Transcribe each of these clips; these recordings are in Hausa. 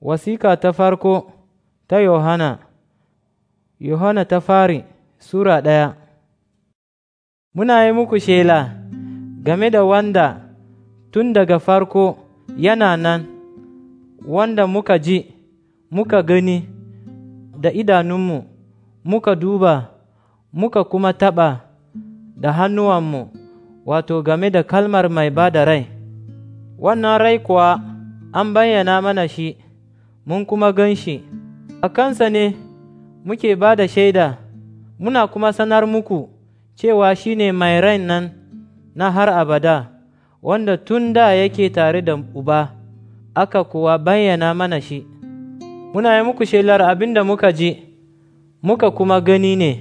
Wasika ta farko ta Yohana Yohana ta fari Sura ɗaya Muna yi muku shela game da wanda tun daga farko yana nan, wanda muka ji, muka gani da idanunmu, muka duba, muka kuma taɓa da hannuwanmu, wato game da kalmar mai ba da rai. Wannan rai kuwa an bayyana mana shi. mun kuma gan shi, a kansa ne muke ba da shaida, muna kuma sanar muku cewa shi ne mai rain nan na har abada, wanda tun da yake tare da uba, aka kuwa bayyana mana shi. Muna yi muku shelar abin da muka ji, muka kuma gani ne,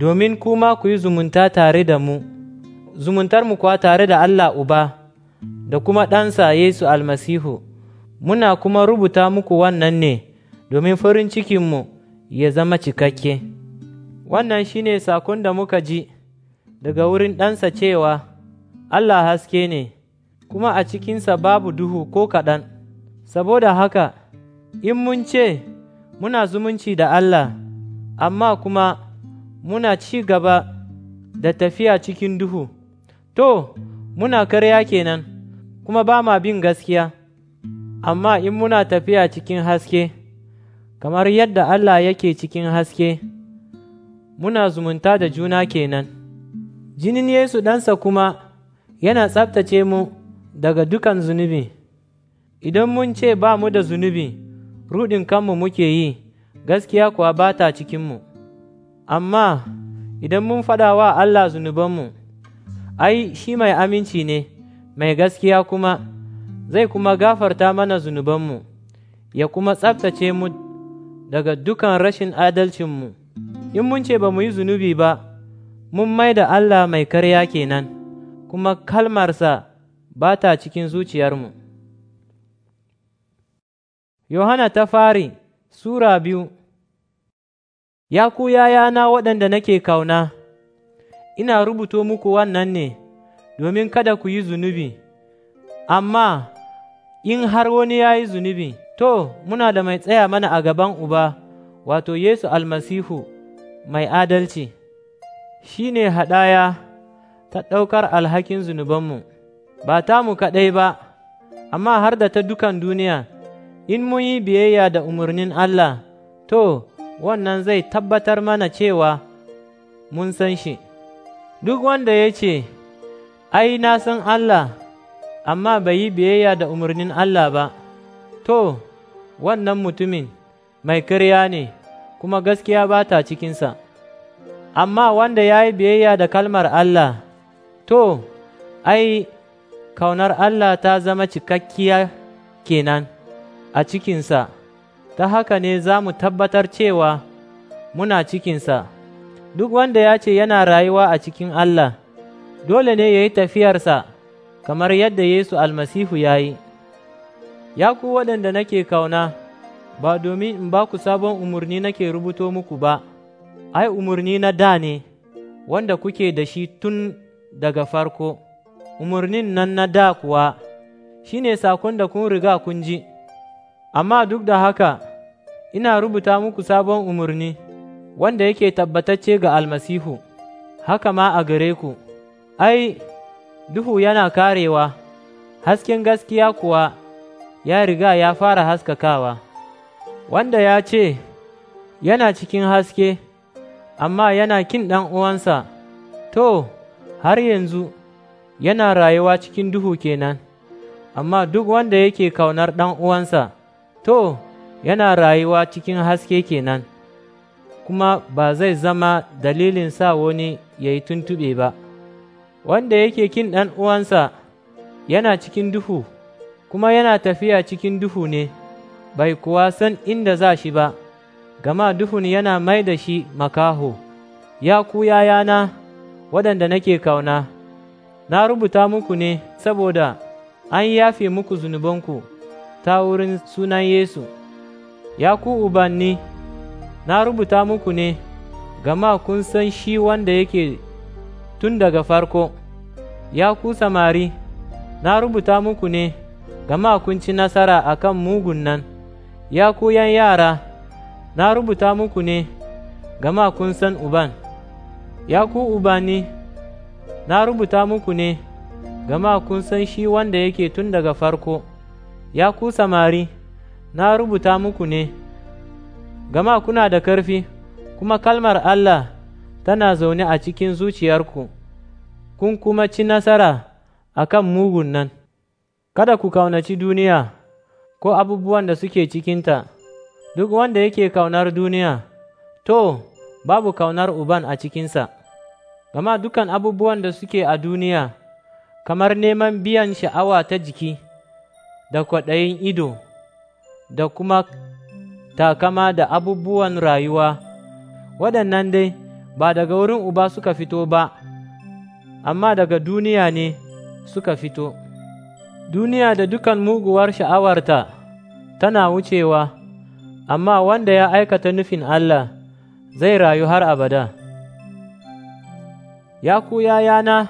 domin kuma ku yi zumunta tare da mu, Zumuntar mu kuwa tare da Allah Uba, da kuma ɗansa Yesu almasihu. muna kuma rubuta muku wannan ne domin farin cikinmu ya zama cikakke. Wannan shi ne sakon da muka ji daga wurin ɗansa cewa Allah haske ne, kuma a cikinsa babu duhu ko kaɗan, saboda haka in mun ce muna zumunci da Allah, amma kuma muna ci gaba da tafiya cikin duhu, to muna karya kenan, kuma ba ma bin gaskiya. amma in muna tafiya cikin haske, kamar yadda Allah yake cikin haske, muna zumunta da juna kenan. Jinin Yesu ɗansa kuma yana tsabtace mu daga dukan zunubi. Idan mun ce ba mu da zunubi, ruɗin kanmu muke yi, gaskiya kuwa ba ta cikinmu. Amma idan mun faɗa wa Allah zunubanmu, ai, shi mai aminci ne, mai gaskiya kuma. zai kuma gafarta mana zunubanmu, ya kuma tsabtace mu daga dukan rashin adalcinmu, in mun ce ba mu yi zunubi ba, mun mai da Allah mai karya kenan, kuma kalmarsa ba ta cikin zuciyarmu. Yohana ta fari Sura biyu Ya ku yayana waɗanda nake kauna, ina rubuto muku wannan ne, domin kada ku yi zunubi, amma in har wani ya yi zunubi, to, muna da mai tsaya mana a gaban Uba, wato Yesu almasihu mai adalci, shi ne haɗaya ta ɗaukar alhakin zunubanmu, ba ta mu kaɗai ba, amma har da ta dukan duniya, in mun yi biyayya da umarnin Allah, to, wannan zai tabbatar mana cewa mun san shi. Duk wanda ya ce, Ai, na san Allah. amma bai yi biyayya da umarnin Allah ba, to, wannan mutumin mai karya ne, kuma gaskiya ba ta cikinsa, amma wanda ya yi biyayya da kalmar Allah, to, ai, kaunar Allah ta zama cikakkiya kenan a cikinsa, ta haka ne za mu tabbatar cewa muna cikinsa, duk wanda ya ce yana rayuwa a cikin Allah, dole ne ya yi tafiyarsa. kamar yadda Yesu almasihu ya yi, Ya ku waɗanda nake kauna, ba domin in ba ku sabon umarni nake rubuto muku ba, ai, umarni na da ne, wanda kuke da shi tun daga farko, umarnin nan na da kuwa shi ne sakon da kun riga kun ji, amma duk da haka, ina rubuta muku sabon umarni, wanda yake tabbatacce ga almasihu, haka ma a gare ku, ai, duhu yana karewa, hasken gaskiya kuwa ya riga ya fara haskakawa, wanda ya ce yana cikin haske, amma yana kin ɗan uwansa, to, har yanzu yana rayuwa cikin duhu kenan, amma duk wanda yake kaunar ɗan uwansa, to, yana rayuwa cikin haske kenan, kuma ba zai zama dalilin sa wani ya yi tuntuɓe ba. wanda yake kin ɗan uwansa yana cikin duhu, kuma yana tafiya cikin duhu ne, bai kuwa san inda za shi ba, gama duhun yana mai da shi makaho, ya ku yayana waɗanda nake kauna, na rubuta muku ne saboda an yafe muku zunubanku ta wurin sunan Yesu, ya ku ubanni, na rubuta muku ne, gama kun san shi wanda yake tun daga farko, ya ku samari, na rubuta muku ne, gama kun ci nasara a kan mugun nan, ya ku yan yara, na rubuta muku ne, gama kun san uban, ya ku ubani, na rubuta muku ne, gama kun san shi wanda yake tun daga farko, ya ku samari, na rubuta muku ne, gama kuna da ƙarfi, kuma kalmar Allah. tana zaune a cikin zuciyarku, kun kuma ci nasara a kan mugun nan, kada ku kaunaci duniya ko abubuwan da suke cikinta, duk wanda yake kaunar duniya, to, babu kaunar Uban a cikinsa, gama dukan abubuwan da suke a duniya, kamar neman biyan sha'awa ta jiki, da kwaɗayin ido, da kuma takama da abubuwan rayuwa, waɗannan dai. ba daga wurin Uba suka fito ba, amma daga duniya ne suka fito. Duniya da dukan muguwar sha'awarta tana wucewa, amma wanda ya aikata nufin Allah zai rayu har abada. Ya ku yana.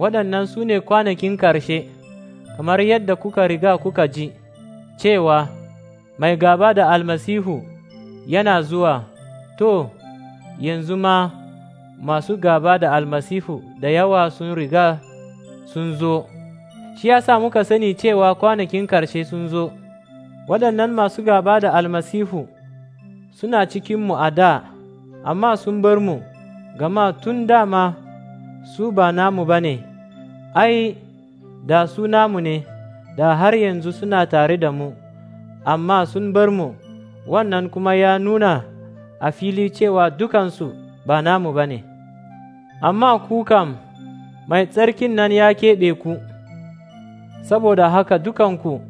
waɗannan su ne kwanakin ƙarshe, kamar yadda kuka riga kuka ji, cewa mai gaba da almasihu yana zuwa, to, yanzu ma masu gaba da almasifu da yawa sun riga sun zo, shi ya sa muka sani cewa kwanakin karshe sun zo, waɗannan masu gaba da almasifu suna cikinmu a da, amma sun bar mu, gama tun dama su ba namu ba ne, ai, da su namu ne, da har yanzu suna tare da mu, amma sun bar mu, wannan kuma ya nuna a fili cewa dukansu ba namu ba ne, amma ku kam mai tsarkin nan ya keɓe ku, saboda haka dukanku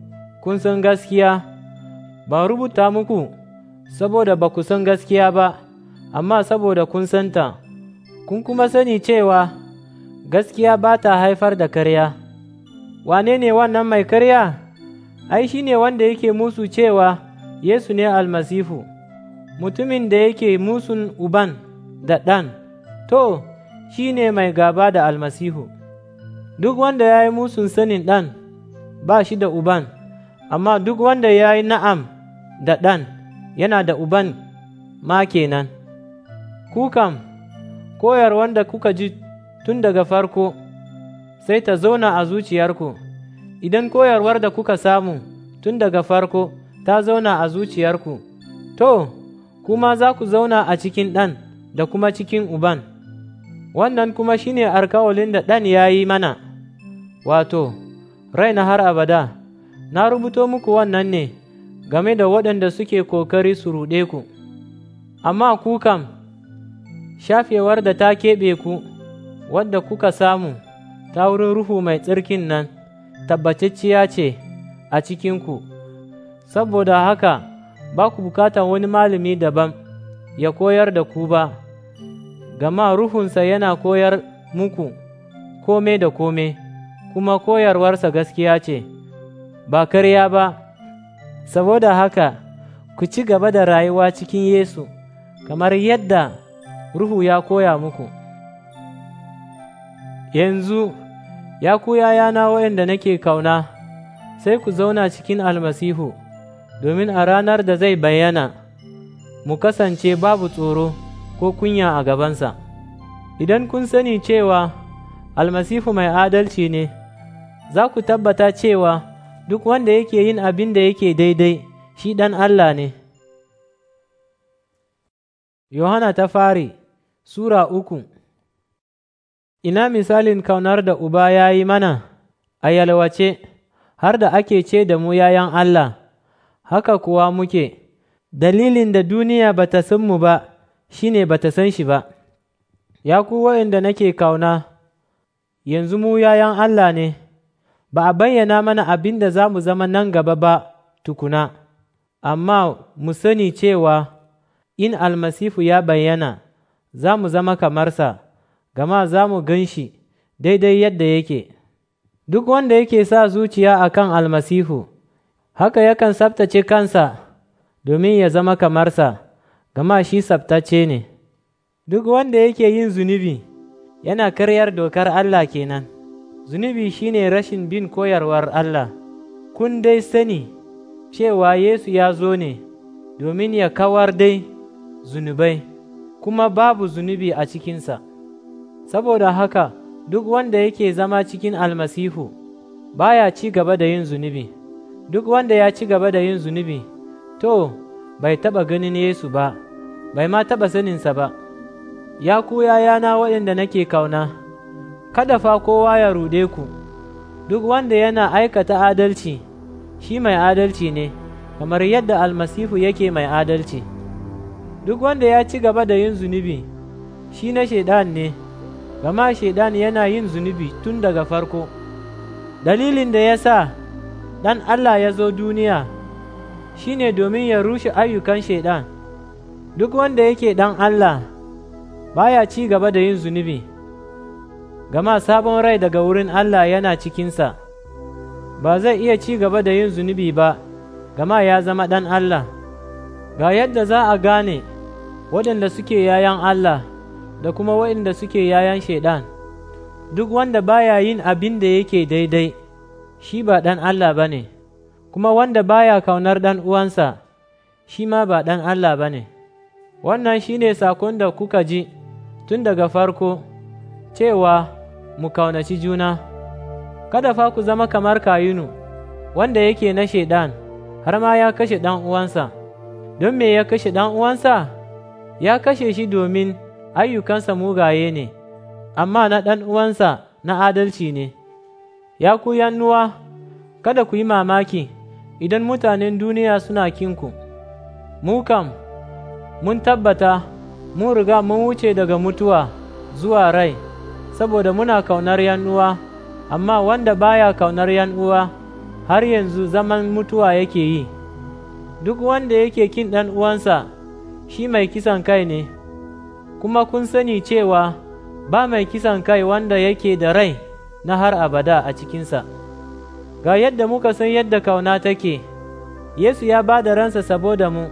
kun san gaskiya, ba rubuta muku saboda ba ku san gaskiya ba, amma saboda kun santa, kun kuma sani cewa gaskiya ba ta haifar da karya. Wane ne wannan mai karya? Ai, shi ne wanda yake musu cewa Yesu ne almasifu. mutumin da yake musun uban da ɗan, to, shi ne mai gaba da almasihu. Duk wanda ya yi musun sanin ɗan, ba shi da uban, amma duk wanda ya yi na'am da ɗan, yana da uban ma kenan. kukan koyar wanda kuka ji tun daga farko, sai ta zauna a zuciyarku, idan koyarwar da kuka samu tun daga farko ta zauna a zuciyarku, to, kuma za ku zauna a cikin ɗan da kuma cikin uban, wannan kuma shi ne alkawalin da ɗan ya yi mana, wato, raina har abada, na rubuto muku wannan ne game da waɗanda suke kokari su ruɗe ku, amma ku kam, shafewar da ta keɓe ku, wadda kuka samu ta wurin ruhu mai tsirkin nan, tabbatacciya ce a cikinku, saboda haka. ba ku bukatan wani malami daban ya koyar da ku ba, gama ruhunsa yana koyar muku kome da kome, kuma koyarwarsa gaskiya ce, ba karya ba, saboda haka ku ci gaba da rayuwa cikin Yesu, kamar yadda Ruhu ya koya muku. Yanzu, ya ku yayana waɗanda nake kauna, sai ku zauna cikin almasihu. domin a ranar da zai bayyana mu kasance babu tsoro ko kunya a gabansa. Idan kun sani cewa almasifu mai adalci ne, za ku tabbata cewa duk wanda yake yin abin da yake daidai shi ɗan Allah ne. Yohana ta fari Sura uku Ina misalin kaunar da Uba ya yi mana a yalwace har da ake ce da mu yayan Allah. haka kuwa muke, dalilin da duniya ba ta san mu ba shi ne ba ta san shi ba, ya ku waɗanda nake kauna, yanzu mu yayan Allah ne, ba a bayyana mana abin da za mu zama nan gaba ba tukuna, amma mu sani cewa in almasifu ya bayyana za mu zama kamarsa, gama za mu gan shi daidai yadda yake. Duk wanda yake sa zuciya akan almasihu, haka yakan tsabtace kansa domin ya zama kamarsa, gama shi tsabtace ne. Duk wanda yake yin zunubi yana karyar dokar Allah kenan. Zunubi shine rashin bin koyarwar Allah. Kun dai sani cewa Yesu ya zo ne domin ya kawar dai zunubai, kuma babu zunubi a cikinsa. Saboda haka, duk wanda yake zama cikin almasihu baya ci gaba da yin zunubi. duk wanda ya ci gaba da yin zunubi, to, bai taɓa ganin Yesu ba, bai ma taɓa saninsa ba, ya ku yayana waɗanda nake kauna, kada fa kowa ya rude ku, duk wanda yana aikata adalci, shi mai adalci ne, kamar yadda almasifu yake mai adalci. Duk wanda ya ci gaba da yin zunubi, shi na shaidan ne, gama shaidan yana yin zunubi tun daga farko. Dalilin da ya sa ɗan Allah ya zo duniya shi ne domin ya rushe ayyukan shaiɗan, duk wanda yake ɗan Allah baya ci gaba da yin zunubi, gama sabon rai daga wurin Allah yana cikinsa, ba zai iya ci gaba da yin zunubi ba, gama ya zama ɗan Allah. Ga yadda za a gane waɗanda suke yayan Allah da kuma waɗanda suke yayan shaiɗan, duk wanda baya yin abin da yake daidai. shi ba ɗan Allah ba ne, kuma wanda baya kaunar ɗan uwansa, shi ma ba ɗan Allah ba ne. Wannan shi ne sakon da kuka ji tun daga farko, cewa mu kaunaci juna, kada fa ku zama kamar kayinu, wanda yake na shaiɗan, har ma ya kashe ɗan uwansa. Don me ya kashe ɗan uwansa? Ya kashe shi domin ayyukansa mugaye ne, amma na ɗan uwansa na adalci ne. Ya ku yannuwa, kada ku yi mamaki idan mutanen duniya suna kinku, mu kam, mun tabbata mun riga mun wuce daga mutuwa zuwa rai, saboda muna kaunar yannuwa, amma wanda baya kaunar yan'uwa har yanzu zaman mutuwa yake yi. Duk wanda yake kin ɗan uwansa shi mai kisan kai ne, kuma kun sani cewa ba mai kisan kai wanda yake da rai. na har abada a cikinsa. Ga yadda muka san yadda kauna take, Yesu ya ba da ransa saboda mu,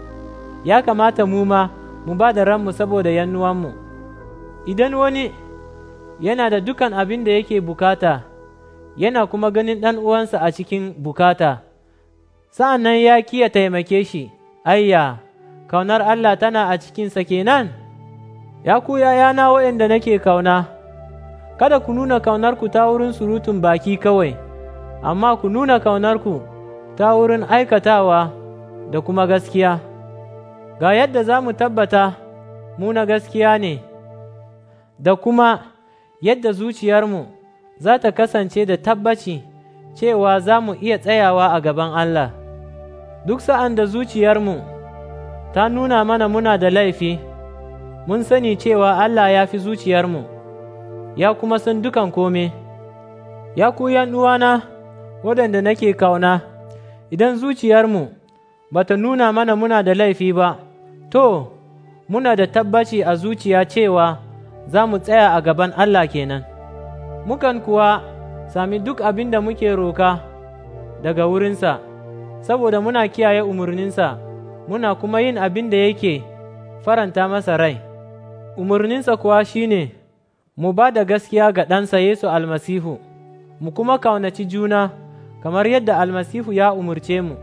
ya kamata mu ma mu ba da ranmu saboda yannuwanmu. Idan wani yana da dukan abin da yake bukata, yana kuma ganin ɗan uwansa a cikin bukata, sa'an nan ya kiya taimake shi, ayya, kaunar Allah tana a cikinsa kenan, ya ku yana waɗanda nake kauna. kada ku nuna kaunarku ta wurin surutun baki kawai, amma ku nuna kaunarku ta wurin aikatawa da kuma gaskiya. Ga yadda za mu tabbata mu na gaskiya ne, da kuma yadda zuciyarmu za ta kasance da tabbaci cewa za mu iya tsayawa a gaban Allah. Duk sa'an da zuciyarmu ta nuna mana muna da laifi, mun sani cewa Allah ya fi zuciyarmu. ya kuma san dukan kome, ya ku uwana waɗanda nake kauna, idan zuciyarmu ba ta nuna mana muna da laifi ba, to, muna da tabbaci a zuciya cewa za mu tsaya a gaban Allah kenan, mukan kuwa sami duk abin da muke roka daga wurinsa, saboda muna kiyaye umarninsa, muna kuma yin abin da yake faranta masa rai, umarninsa kuwa shine ne. mu ba da gaskiya ga ɗansa Yesu almasihu, mu kuma kaunaci juna kamar yadda almasihu ya umurce mu,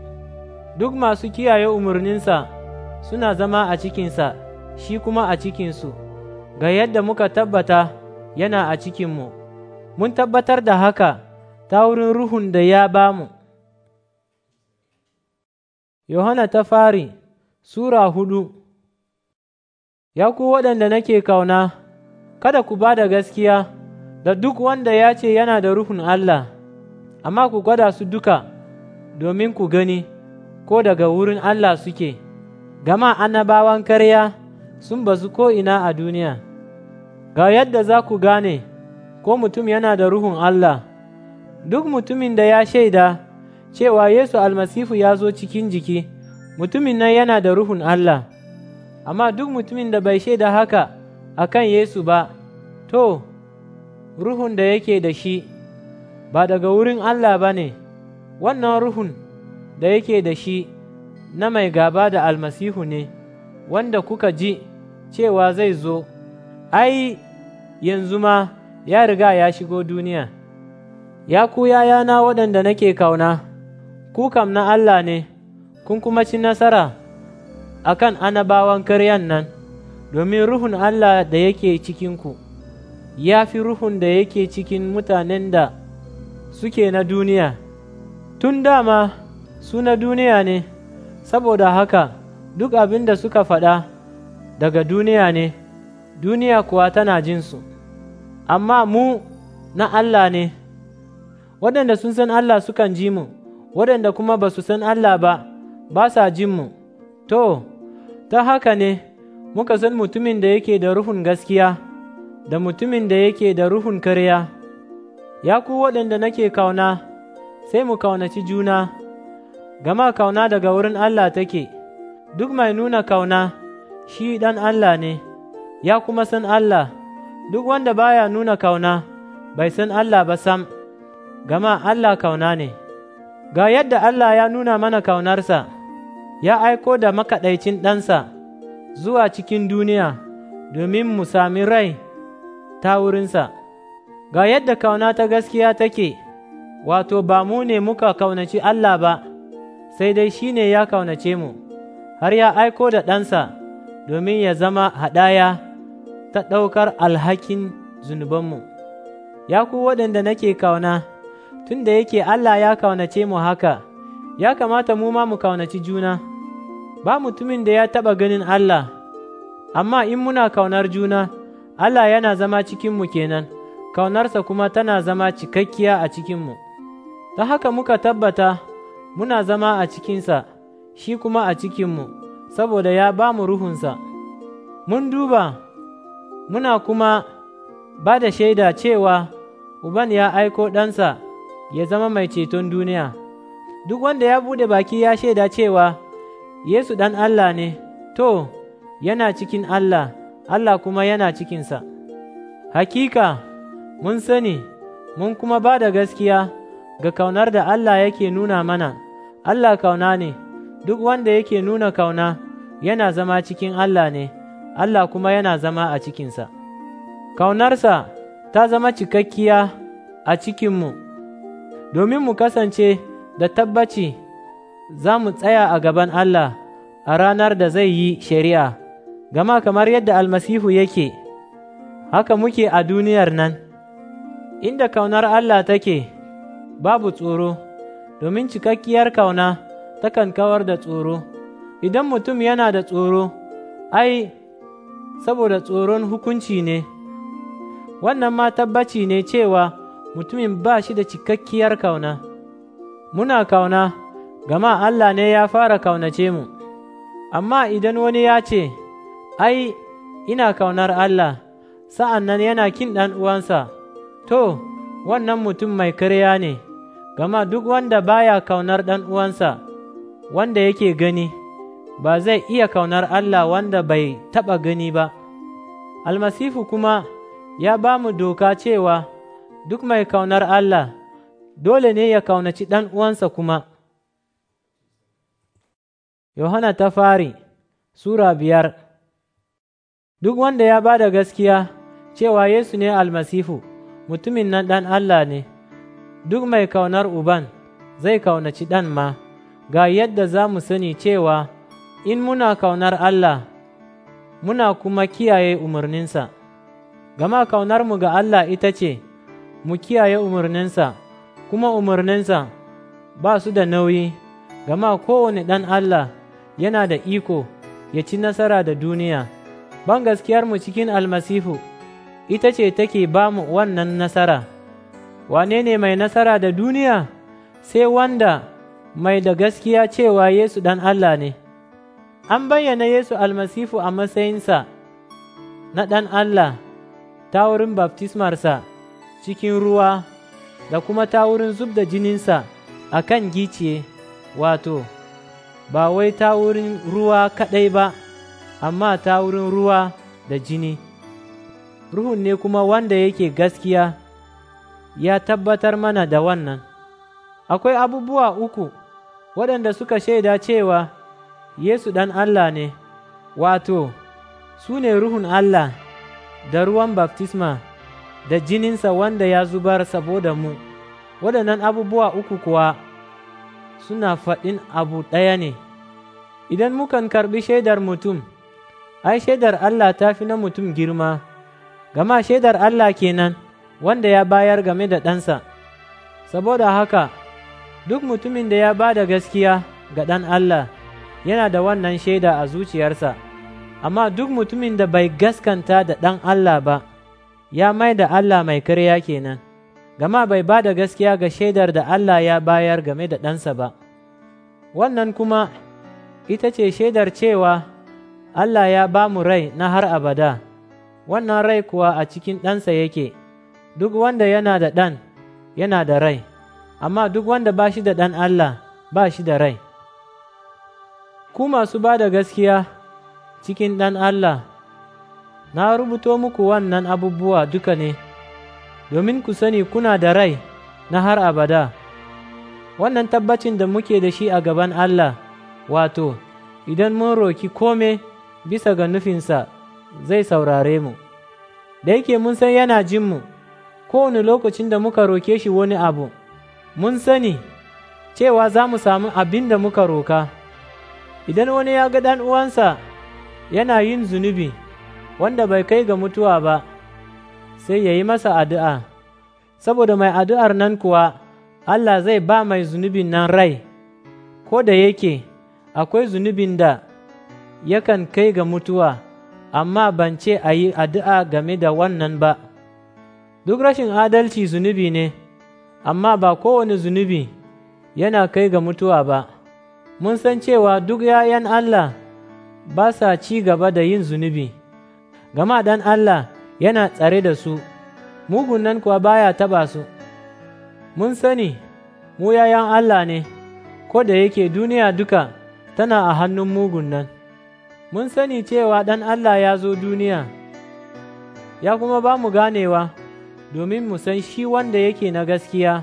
duk masu kiyaye umarninsa suna zama a cikinsa, shi kuma a cikinsu, ga yadda muka tabbata yana a cikinmu, mun tabbatar da haka ta wurin ruhun da ya ba mu. Yohana ta fari Sura hudu Ya ku waɗanda nake kauna. kada ku ba da gaskiya da duk wanda ya ce yana da Ruhun Allah, amma ku gwada su duka domin ku gani ko daga wurin Allah suke, gama annabawan karya sun bazu ko'ina a duniya. Ga yadda za ku gane ko mutum yana da Ruhun Allah, duk mutumin da ya shaida cewa Yesu almasifu ya zo cikin jiki, mutumin nan yana da Ruhun Allah, amma duk mutumin da bai shaida haka. a kan Yesu ba, to, ruhun da yake da shi ba daga wurin Allah ba ne, wannan ruhun da yake da shi na mai gaba da almasihu ne, wanda kuka ji cewa zai zo, ai, yanzu ma ya riga ya shigo duniya. Ya ku yayana waɗanda nake kauna, ku kam na Allah ne, kun kuma ci nasara a kan anabawan karyan nan. domin ruhun Allah da yake cikinku ya fi ruhun da yake cikin mutanen da suke na duniya tun dama su na duniya ne saboda haka duk abin da suka faɗa daga duniya ne duniya kuwa tana jinsu amma mu na Allah ne waɗanda sun san Allah sukan ji mu waɗanda kuma ba su san Allah ba ba sa jin mu to ta haka ne muka san mutumin da yake da ruhun gaskiya da mutumin da yake da ruhun kariya. ya ku waɗanda nake kauna, sai mu kaunaci juna, gama kauna daga wurin Allah take, duk mai nuna kauna shi ɗan Allah ne, ya kuma san Allah, duk wanda baya nuna kauna bai san Allah ba sam, gama Allah kauna ne. Ga yadda Allah ya nuna mana kaunarsa, ya aiko da makaɗaicin ɗansa. zuwa cikin duniya domin mu sami rai ta wurinsa. Ga yadda kauna ta gaskiya take, wato ba mu ne muka kaunaci Allah ba, sai dai shi ne ya kaunace mu, har ya aiko da ɗansa domin ya zama haɗaya ta ɗaukar alhakin zunubanmu. Ya ku waɗanda nake kauna, tun da yake Allah ya kaunace mu haka, ya kamata mu ma mu kaunaci juna. ba mutumin da ya taɓa ganin Allah, amma in muna kaunar juna, Allah yana zama cikinmu kenan, kaunarsa kuma tana zama cikakkiya a cikinmu. Ta haka muka tabbata muna zama a cikinsa, shi kuma a cikinmu, saboda ya ba mu ruhunsa. Mun duba, muna kuma ba da shaida cewa Uban ya aiko ɗansa ya zama mai ceton duniya. Duk wanda ya buɗe baki ya shaida cewa, Yesu ɗan Allah ne, to, yana cikin Allah, Allah kuma yana cikinsa. Hakika, mun sani, mun kuma ba da gaskiya ga kaunar da Allah yake nuna mana, Allah kauna ne, duk wanda yake nuna kauna yana zama cikin Allah ne, Allah kuma yana zama a cikinsa. Kaunarsa ta zama cikakkiya a cikinmu, domin mu kasance da tabbaci. za mu tsaya a gaban Allah a ranar da zai yi shari'a, gama kamar yadda almasihu yake, haka muke a duniyar nan, inda kaunar Allah take, babu tsoro, domin cikakkiyar kauna takan kawar da tsoro. Idan mutum yana da tsoro, ai, saboda tsoron hukunci ne, wannan ma tabbaci ne cewa mutumin ba shi da cikakkiyar kauna. Muna kauna. gama Allah ne ya fara kaunace mu, amma idan wani ya ce, Ai, ina kaunar Allah, sa'an nan yana kin ɗan uwansa, to, wannan mutum mai karya ne, gama duk wanda baya kaunar ɗan uwansa, wanda yake gani, ba zai iya kaunar Allah wanda bai taɓa gani ba. Almasifu kuma ya ba mu doka cewa duk mai kaunar Allah, dole ne ya kaunaci ɗan uwansa kuma. Yohana ta fari Sura biyar Duk wanda ya ba da gaskiya cewa Yesu ne almasifu, mutumin nan ɗan Allah ne, duk mai kaunar Uban zai kaunaci ɗan ma, ga yadda za mu sani cewa in muna kaunar Allah, muna kuma kiyaye umarninsa. Gama kaunarmu ga Allah ita ce, mu kiyaye umarninsa, kuma umarninsa ba su da nauyi, gama kowane ɗan Allah. yana da iko ya ci nasara da duniya, ban gaskiyarmu cikin almasifu ita ce take ba mu wannan nasara. Wane ne mai nasara da duniya? Sai wanda mai da gaskiya cewa Yesu ɗan Allah ne. An bayyana Yesu almasifu a matsayinsa na ɗan Allah ta wurin baftismarsa cikin ruwa da kuma ta wurin zub da jininsa a kan giciye, wato, ba wai ta wurin ruwa kaɗai ba, amma ta wurin ruwa da jini. Ruhun ne kuma wanda yake gaskiya ya tabbatar mana da wannan. Akwai abubuwa uku waɗanda suka shaida cewa Yesu ɗan Allah ne, wato, su ne Ruhun Allah da ruwan baftisma da jininsa wanda ya zubar saboda mu, waɗannan abubuwa uku kuwa. suna faɗin abu ɗaya ne, idan mukan karɓi shaidar mutum, ai, shaidar Allah ta fi na mutum girma, gama shaidar Allah kenan wanda ya bayar game da ɗansa, saboda haka duk mutumin da ya ba da gaskiya ga ɗan Allah yana da wannan shaida a zuciyarsa, amma duk mutumin da bai gaskanta da ɗan Allah ba, ya mai da Allah mai karya kenan. gama bai ba da gaskiya ga shaidar da Allah ya bayar game da ɗansa ba, wannan kuma ita ce shaidar cewa Allah ya ba mu rai na har abada, wannan rai kuwa a cikin ɗansa yake, duk wanda yana da ɗan yana da rai, amma duk wanda ba shi da ɗan Allah ba shi da rai. Ku masu ba da gaskiya cikin ɗan Allah, na rubuto muku wannan abubuwa duka ne. domin ku sani kuna da rai na har abada. Wannan tabbacin da muke da shi a gaban Allah, wato, idan mun roki kome bisa ga nufinsa zai saurare mu, da yake mun san yana jinmu, kowane lokacin da muka roke shi wani abu, mun sani cewa za mu samu abin da muka roka. Idan wani ya ga uwansa yana yin zunubi, wanda bai kai ga mutuwa ba, sai ya yi masa addu'a, saboda mai addu'ar nan kuwa Allah zai ba mai zunubin nan rai, ko da yake akwai zunubin da yakan kai ga mutuwa, amma ban ce a yi addu'a game da wannan ba. Duk rashin adalci zunubi ne, amma ba kowane zunubi yana kai ga mutuwa ba. Mun san cewa duk ‘ya'yan Allah ba sa ci gaba da yin zunubi, gama dan Allah yana tsare da su, mugun nan kuwa baya taba su. Mun sani, mu yayan Allah ne, ko da yake duniya duka tana a hannun mugun nan. Mun sani cewa ɗan Allah ya zo duniya, ya kuma ba mu ganewa, domin mu san shi wanda yake na gaskiya,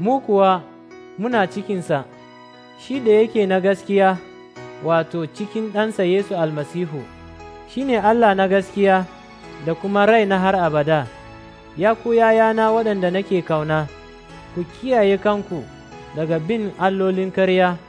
mu kuwa muna cikinsa, shi da yake na gaskiya, wato cikin ɗansa Yesu almasihu, shi ne Allah na gaskiya. da kuma rai na har abada, ya ku yayana waɗanda nake kauna, ku kiyaye kanku daga bin allolin karya.